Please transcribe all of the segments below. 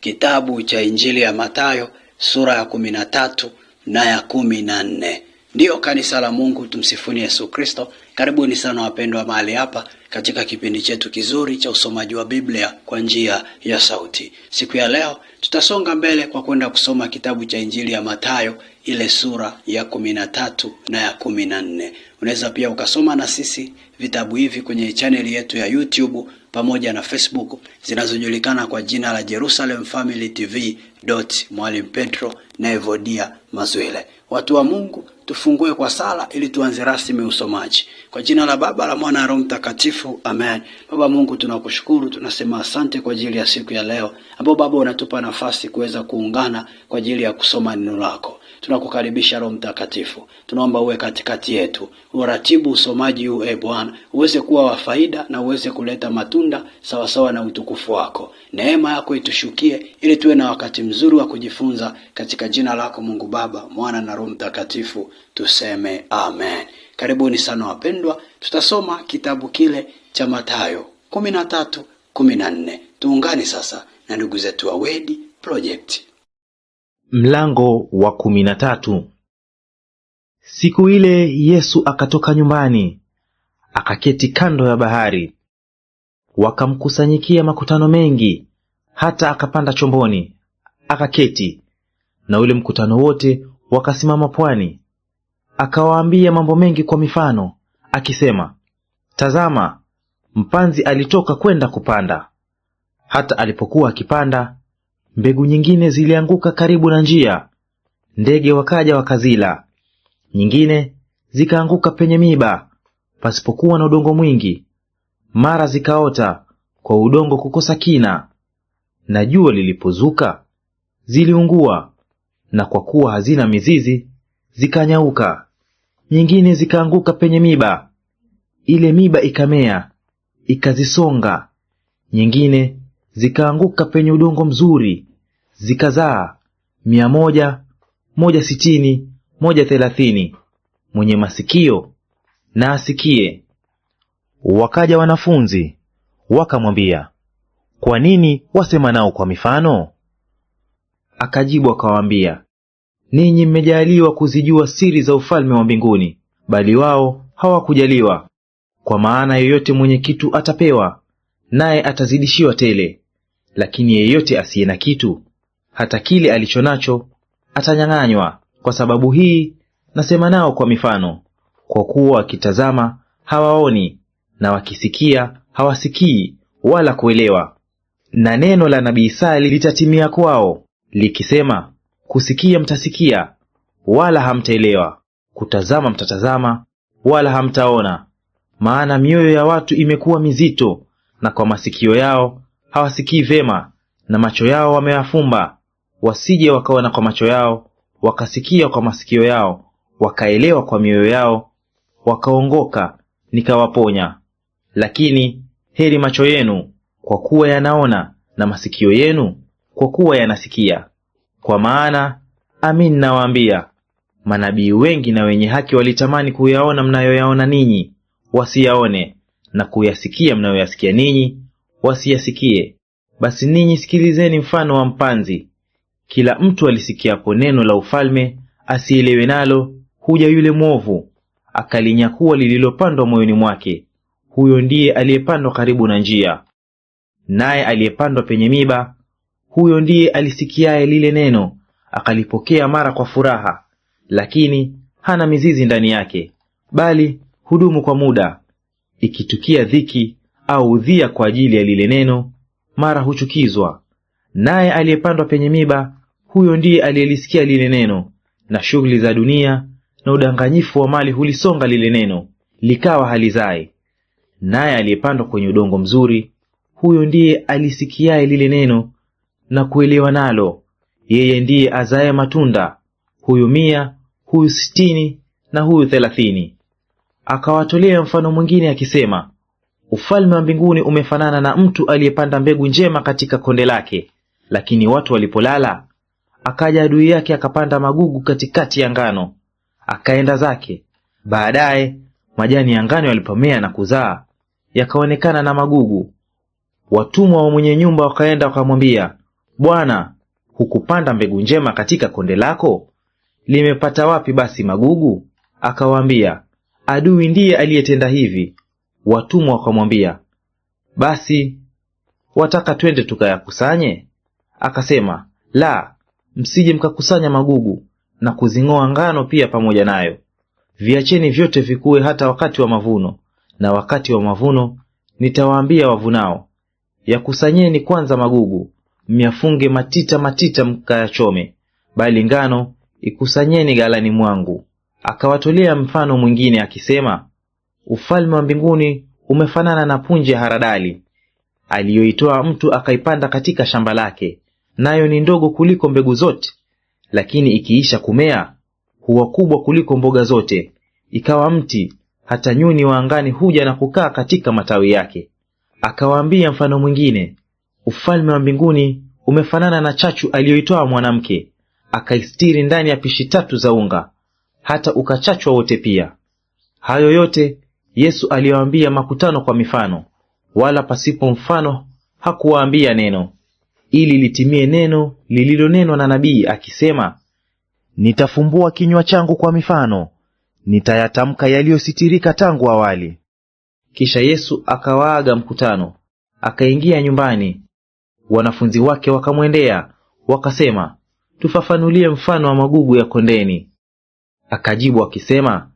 kitabu cha Injili ya Mathayo sura ya kumi na tatu na ya kumi na nne. Ndiyo kanisa la Mungu, tumsifuni Yesu Kristo. Karibuni sana wapendwa mahali hapa katika kipindi chetu kizuri cha usomaji wa Biblia kwa njia ya sauti. Siku ya leo tutasonga mbele kwa kwenda kusoma kitabu cha Injili ya Mathayo ile sura ya kumi na tatu na ya kumi na nne. Unaweza pia ukasoma na sisi vitabu hivi kwenye chaneli yetu ya YouTube pamoja na Facebook zinazojulikana kwa jina la Jerusalem Family TV Mwalimu Petro na Evodia Mazwile. Watu wa Mungu, tufungue kwa sala ili tuanze rasmi usomaji. Kwa jina la Baba la Mwana Roho Mtakatifu, amen. Baba Mungu, tunakushukuru, tunasema asante kwa ajili ya siku ya leo, ambao Baba unatupa nafasi kuweza kuungana kwa ajili ya kusoma neno lako. Tunakukaribisha Roho Mtakatifu, tunaomba uwe katikati yetu, uratibu usomaji huu, e Bwana, uweze kuwa wa faida na uweze kuleta matunda sawasawa na utukufu wako. Neema yako itushukie, ili tuwe na wakati mzuri wa kujifunza, katika jina lako Mungu Baba, Mwana na Roho Mtakatifu tuseme amen. Karibuni sana wapendwa, tutasoma kitabu kile cha Mathayo kumi na tatu kumi na nne. Tuungane sasa na ndugu zetu wa Word Project. Mlango wa kumi na tatu. Siku ile Yesu akatoka nyumbani akaketi kando ya bahari, wakamkusanyikia makutano mengi, hata akapanda chomboni akaketi, na ule mkutano wote wakasimama pwani akawaambia mambo mengi kwa mifano akisema, Tazama, mpanzi alitoka kwenda kupanda. Hata alipokuwa akipanda, mbegu nyingine zilianguka karibu na njia, ndege wakaja wakazila. Nyingine zikaanguka penye miba, pasipokuwa na udongo mwingi, mara zikaota kwa udongo kukosa kina. Na jua lilipozuka, ziliungua, na kwa kuwa hazina mizizi, zikanyauka nyingine zikaanguka penye miba, ile miba ikamea ikazisonga; nyingine zikaanguka penye udongo mzuri, zikazaa mia moja, moja sitini, moja thelathini. Mwenye masikio na asikie. Wakaja wanafunzi wakamwambia, kwa nini wasema nao kwa mifano? Akajibu akawaambia, ninyi mmejaliwa kuzijua siri za ufalme wa mbinguni, bali wao hawakujaliwa. Kwa maana yeyote mwenye kitu atapewa, naye atazidishiwa tele, lakini yeyote asiye na kitu, hata kile alicho nacho atanyang'anywa. Kwa sababu hii nasema nao kwa mifano, kwa kuwa wakitazama hawaoni, na wakisikia hawasikii wala kuelewa. Na neno la nabii Isaya litatimia kwao likisema, Kusikia mtasikia, wala hamtaelewa; kutazama mtatazama, wala hamtaona. Maana mioyo ya watu imekuwa mizito, na kwa masikio yao hawasikii vema, na macho yao wameyafumba, wasije wakaona kwa macho yao, wakasikia kwa masikio yao, wakaelewa kwa mioyo yao, wakaongoka, nikawaponya. Lakini heri macho yenu, kwa kuwa yanaona, na masikio yenu, kwa kuwa yanasikia. Kwa maana amin nawaambia, manabii wengi na wenye haki walitamani kuyaona mnayoyaona ninyi wasiyaone, na kuyasikia mnayoyasikia ninyi wasiyasikie. Basi ninyi sikilizeni mfano wa mpanzi. Kila mtu alisikiapo neno la ufalme asielewe nalo, huja yule mwovu akalinyakuwa lililopandwa moyoni mwake. Huyo ndiye aliyepandwa karibu na njia, naye aliyepandwa penye miba huyo ndiye alisikiaye lile neno akalipokea mara kwa furaha, lakini hana mizizi ndani yake, bali hudumu kwa muda. Ikitukia dhiki au udhia kwa ajili ya lile neno, mara huchukizwa. Naye aliyepandwa penye miba, huyo ndiye aliyelisikia lile neno, na shughuli za dunia na udanganyifu wa mali hulisonga lile neno, likawa halizae Naye aliyepandwa kwenye udongo mzuri, huyo ndiye alisikiaye lile neno na kuelewa nalo. Yeye ndiye azaye matunda, huyu mia, huyu sitini na huyu thelathini. Akawatolea mfano mwingine akisema, ufalme wa mbinguni umefanana na mtu aliyepanda mbegu njema katika konde lake, lakini watu walipolala, akaja adui yake akapanda magugu katikati ya ngano, akaenda zake. Baadaye majani ya ngano yalipomea na kuzaa, yakaonekana na magugu. Watumwa wa mwenye nyumba wakaenda wakamwambia, Bwana, hukupanda mbegu njema katika konde lako? Limepata wapi basi magugu? Akawaambia, adui ndiye aliyetenda hivi. Watumwa wakamwambia, basi wataka twende tukayakusanye? Akasema, la, msije mkakusanya magugu na kuzing'oa ngano pia pamoja nayo. Viacheni vyote vikue hata wakati wa mavuno, na wakati wa mavuno nitawaambia wavunao, yakusanyeni kwanza magugu myafunge matita matita, mkayachome; bali ngano ikusanyeni ghalani mwangu. Akawatolea mfano mwingine akisema, ufalme wa mbinguni umefanana na punje ya haradali aliyoitoa mtu akaipanda katika shamba lake, nayo ni ndogo kuliko mbegu zote, lakini ikiisha kumea huwa kubwa kuliko mboga zote, ikawa mti, hata nyuni wa angani huja na kukaa katika matawi yake. Akawaambia mfano mwingine Ufalme wa mbinguni umefanana na chachu aliyoitoa mwanamke, akaistiri ndani ya pishi tatu za unga, hata ukachachwa wote pia. Hayo yote Yesu aliwaambia makutano kwa mifano, wala pasipo mfano hakuwaambia neno, ili litimie neno lililonenwa na nabii akisema, nitafumbua kinywa changu kwa mifano, nitayatamka yaliyositirika tangu awali. Kisha Yesu akawaaga mkutano, akaingia nyumbani, Wanafunzi wake wakamwendea wakasema, tufafanulie mfano wa magugu ya kondeni. Akajibu akisema,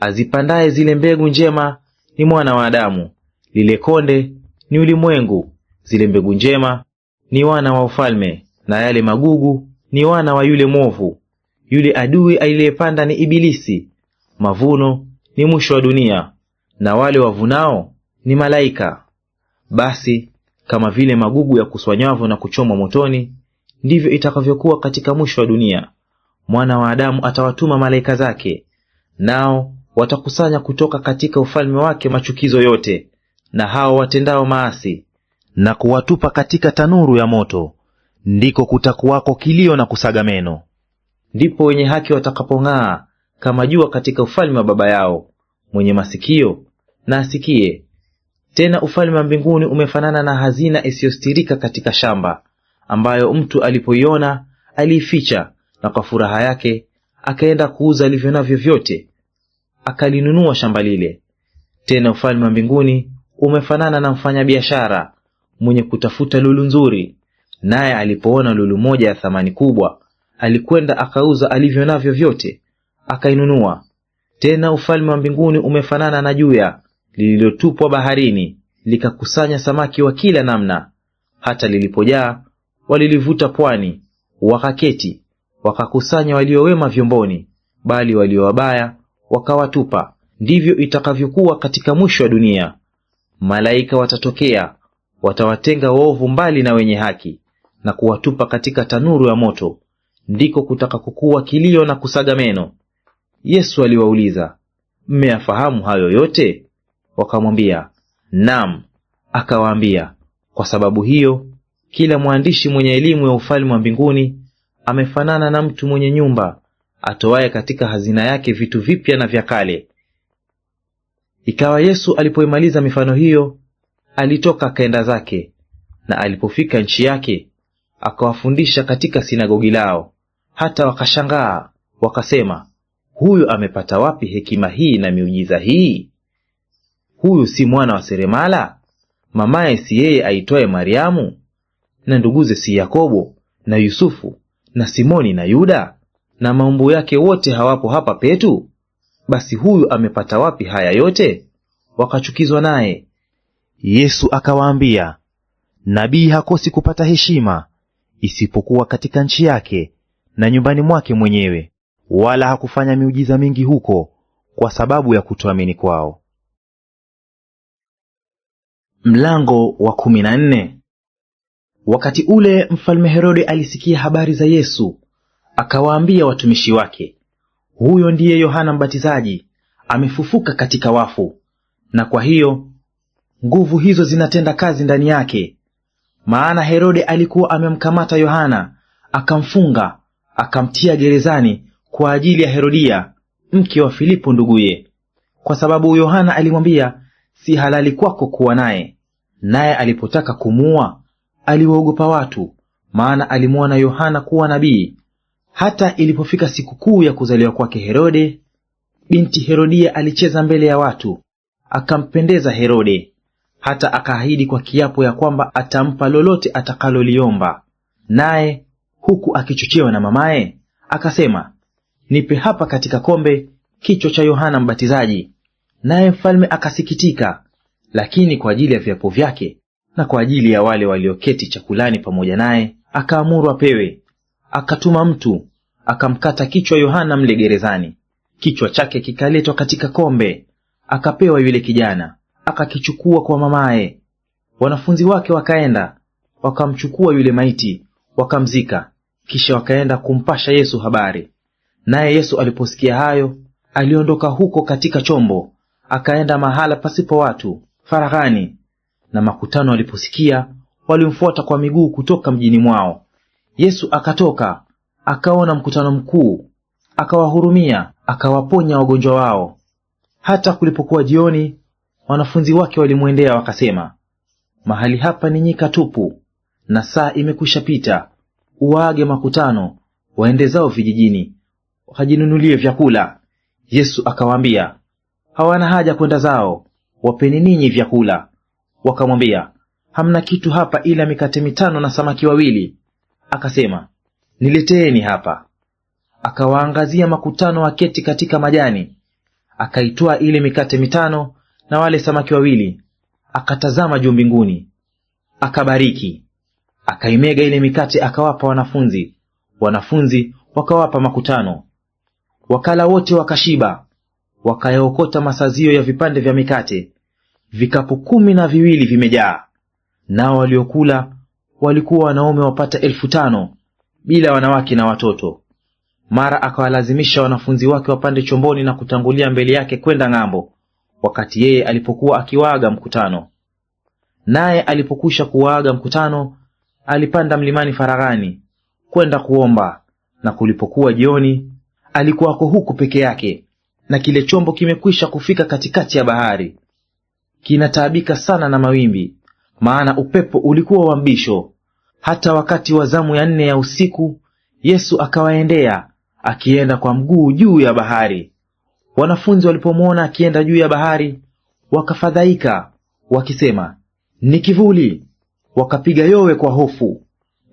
azipandaye zile mbegu njema ni mwana wa Adamu, lile konde ni ulimwengu, zile mbegu njema ni wana wa ufalme, na yale magugu ni wana wa yule mwovu. Yule adui aliyepanda ni Ibilisi. Mavuno ni mwisho wa dunia, na wale wavunao ni malaika. Basi kama vile magugu ya kuswanyavu na kuchomwa motoni, ndivyo itakavyokuwa katika mwisho wa dunia. Mwana wa Adamu atawatuma malaika zake, nao watakusanya kutoka katika ufalme wake machukizo yote na hao watendao maasi, na kuwatupa katika tanuru ya moto; ndiko kutakuwako kilio na kusaga meno. Ndipo wenye haki watakapong'aa kama jua katika ufalme wa Baba yao. Mwenye masikio na asikie tena ufalme wa mbinguni umefanana na hazina isiyostirika katika shamba, ambayo mtu alipoiona aliificha, na kwa furaha yake akaenda kuuza alivyo navyo vyote, akalinunua shamba lile. Tena ufalme wa mbinguni umefanana na mfanyabiashara mwenye kutafuta lulu nzuri, naye alipoona lulu moja ya thamani kubwa, alikwenda akauza alivyo navyo vyote, akainunua. Tena ufalme wa mbinguni umefanana na juya lililotupwa baharini likakusanya samaki wa kila namna, hata lilipojaa walilivuta pwani, wakaketi wakakusanya waliowema vyomboni, bali walio wabaya wakawatupa. Ndivyo itakavyokuwa katika mwisho wa dunia. Malaika watatokea watawatenga waovu mbali na wenye haki, na kuwatupa katika tanuru ya moto, ndiko kutakakokuwa kilio na kusaga meno. Yesu aliwauliza, mmeyafahamu hayo yote? Wakamwambia, nam. Akawaambia, kwa sababu hiyo kila mwandishi mwenye elimu ya ufalme wa mbinguni amefanana na mtu mwenye nyumba atoaye katika hazina yake vitu vipya na vya kale. Ikawa Yesu alipoimaliza mifano hiyo, alitoka akaenda zake, na alipofika nchi yake akawafundisha katika sinagogi lao, hata wakashangaa wakasema, huyu amepata wapi hekima hii na miujiza hii? huyu si mwana wa seremala? Mamaye si yeye aitwaye Mariamu? Na nduguze si Yakobo na Yusufu na Simoni na Yuda? Na maumbu yake wote hawapo hapa petu? Basi huyu amepata wapi haya yote? Wakachukizwa naye. Yesu akawaambia, nabii hakosi kupata heshima isipokuwa katika nchi yake na nyumbani mwake mwenyewe. Wala hakufanya miujiza mingi huko kwa sababu ya kutoamini kwao. Mlango wa kumi na nne. Wakati ule mfalme Herode alisikia habari za Yesu, akawaambia watumishi wake, huyo ndiye Yohana Mbatizaji amefufuka katika wafu, na kwa hiyo nguvu hizo zinatenda kazi ndani yake. Maana Herode alikuwa amemkamata Yohana akamfunga, akamtia gerezani kwa ajili ya Herodia mke wa Filipo nduguye, kwa sababu Yohana alimwambia, si halali kwako kuwa naye naye alipotaka kumuua aliwaogopa watu, maana alimwona Yohana kuwa nabii. Hata ilipofika sikukuu ya kuzaliwa kwake Herode, binti Herodia alicheza mbele ya watu, akampendeza Herode, hata akaahidi kwa kiapo ya kwamba atampa lolote atakaloliomba. Naye huku akichochewa na mamaye akasema, nipe hapa katika kombe kichwa cha Yohana Mbatizaji. Naye mfalme akasikitika, lakini kwa ajili ya viapo vyake na kwa ajili ya wale walioketi chakulani pamoja naye akaamuru apewe. Akatuma mtu akamkata kichwa Yohana mle gerezani, kichwa chake kikaletwa katika kombe, akapewa yule kijana, akakichukua kwa mamaye. Wanafunzi wake wakaenda wakamchukua yule maiti wakamzika, kisha wakaenda kumpasha Yesu habari. Naye Yesu aliposikia hayo, aliondoka huko katika chombo, akaenda mahala pasipo watu, faraghani. Na makutano waliposikia, walimfuata kwa miguu kutoka mjini mwao. Yesu akatoka akaona mkutano mkuu, akawahurumia, akawaponya wagonjwa wao. Hata kulipokuwa jioni, wanafunzi wake walimwendea wakasema, mahali hapa ni nyika tupu, na saa imekwisha pita; uwaage makutano waendezao vijijini, wakajinunulie vyakula. Yesu akawaambia, hawana haja kwenda zao wapeni ninyi vyakula. Wakamwambia, hamna kitu hapa ila mikate mitano na samaki wawili. Akasema, nileteeni hapa. Akawaangazia makutano waketi katika majani, akaitoa ile mikate mitano na wale samaki wawili, akatazama juu mbinguni, akabariki, akaimega ile mikate, akawapa wanafunzi, wanafunzi wakawapa makutano. Wakala wote wakashiba, wakayaokota masazio ya vipande vya mikate vikapu kumi na viwili vimejaa. Nao waliokula walikuwa wanaume wapata elfu tano bila wanawake na watoto. Mara akawalazimisha wanafunzi wake wapande chomboni na kutangulia mbele yake kwenda ng'ambo, wakati yeye alipokuwa akiwaaga mkutano. Naye alipokwisha kuwaaga mkutano, alipanda mlimani faraghani kwenda kuomba, na kulipokuwa jioni, alikuwako huku peke yake, na kile chombo kimekwisha kufika katikati ya bahari kinataabika sana na mawimbi, maana upepo ulikuwa wa mbisho. Hata wakati wa zamu ya nne ya usiku Yesu akawaendea akienda kwa mguu juu ya bahari. Wanafunzi walipomwona akienda juu ya bahari, wakafadhaika wakisema, ni kivuli, wakapiga yowe kwa hofu.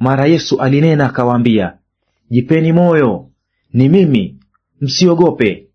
Mara Yesu alinena akawaambia, jipeni moyo, ni mimi, msiogope.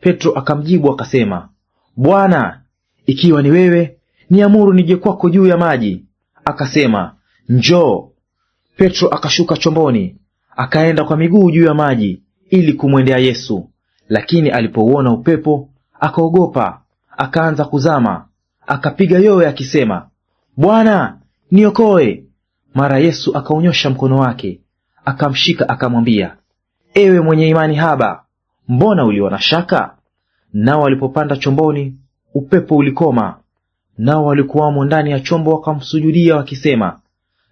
Petro akamjibu akasema, Bwana, ikiwa ni wewe, niamuru nije kwako juu ya maji. Akasema, njoo. Petro akashuka chomboni, akaenda kwa miguu juu ya maji ili kumwendea Yesu. Lakini alipouona upepo akaogopa, akaanza kuzama, akapiga yowe akisema, Bwana niokoe. Mara Yesu akaonyosha mkono wake, akamshika, akamwambia, ewe mwenye imani haba, mbona uliona shaka? Nao walipopanda chomboni upepo ulikoma, nao walikuwamo ndani ya chombo wakamsujudia wakisema,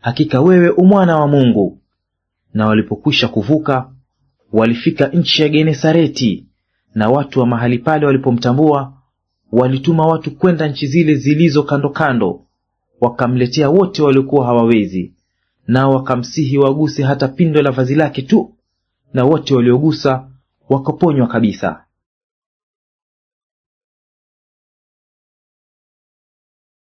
hakika wewe umwana wa Mungu. Na walipokwisha kuvuka, walifika nchi ya Genesareti, na watu wa mahali pale walipomtambua, walituma watu kwenda nchi zile zilizo kando kando, wakamletea wote waliokuwa hawawezi, nao wakamsihi waguse hata pindo la vazi lake tu, na wote waliogusa wakaponywa kabisa.